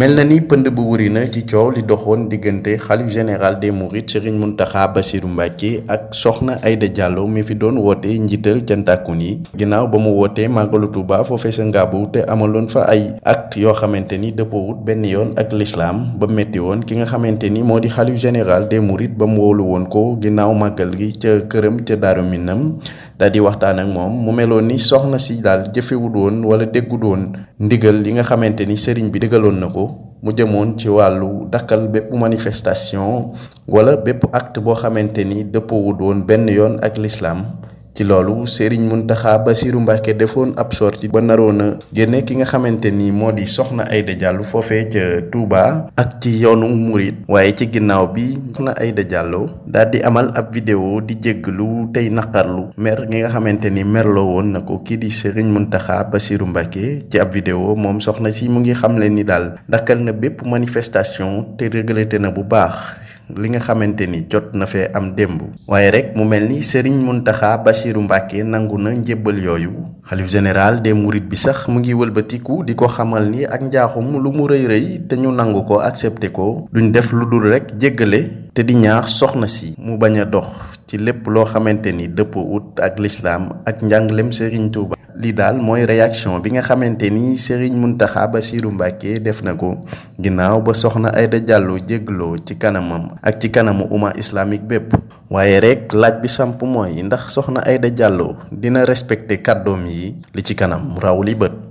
mel na ni pënd bu wuri na ci coow li doxoon diggante xalif général des mourides Serigne Mountakha basiiru Mbacké ak soxna Aïda Diallo mi fi doon woote njiital ca cantakun yi ginnaaw ba mu wootee màggalu Tuuba foofee sa ngaabu te amaloon fa ay acte yoo xamante ni dëppoowut benn yoon ak lislaam ba metti woon ki nga xamante ni moo di xalif général des mourides ba mu woolu woon ko ginnaaw màggal gi ca këram ca Daaru Minam daal di waxtaan ak moom mu meloon ni soxna si daal jëfewut wala déggul ndigal li nga xamante ni sëriñ bi dëggaloon na ko mu jëmoon ci wàllu dakkal bépp manifestation wala bépp act boo xamante ni dëppoowul woon benn yoon ak lislaam ci loolu Serigne Mountakha Bassirou Mbacké defoon ab sortie ba naroon a génne ki nga xamante ni moo di soxna Aïda Diallo foofee ca Touba ak ci yoonu Mouride waaye ci ginnaaw bi soxna Aïda Diallo daal di amal ab vidéo di jégglu tey naqarlu mer gi nga xamante ni merloo woon na ko kii di Serigne Mountakha basiiru Mbacké ci ab vidéo moom soxna si mu ngi xamle ni daal dakkal na bépp manifestation te regretté na bu baax. li nga xamante ni jot na fee am démb waaye rek mu mel ni Serigne Mountakha Bassirou Mbacké nangu na njébbal yooyu xalif général de mourides bi sax mu ngi wëlbatiku di ko xamal ni ak njaaxum lu mu rëy rëy te ñu nangu ko accepté ko duñ def lu dul rek jéggale te di ñaax soxna si mu bañ a dox ci lépp loo xamante ni dëppoo wut ak lislaam ak njàng njànglem Serigne Touba. li daal mooy réaction bi nga xamante ni Serigne Mountakha Bassirou Mbacké def na ko ginnaaw ba soxna Aïda Diallo jégloo ci kanamam ak ci kanamu umma islamique bépp waaye rek laaj bi samp yi ndax soxna Aïda Diallo dina respecté kàddoom yi li ci kanam raw li bët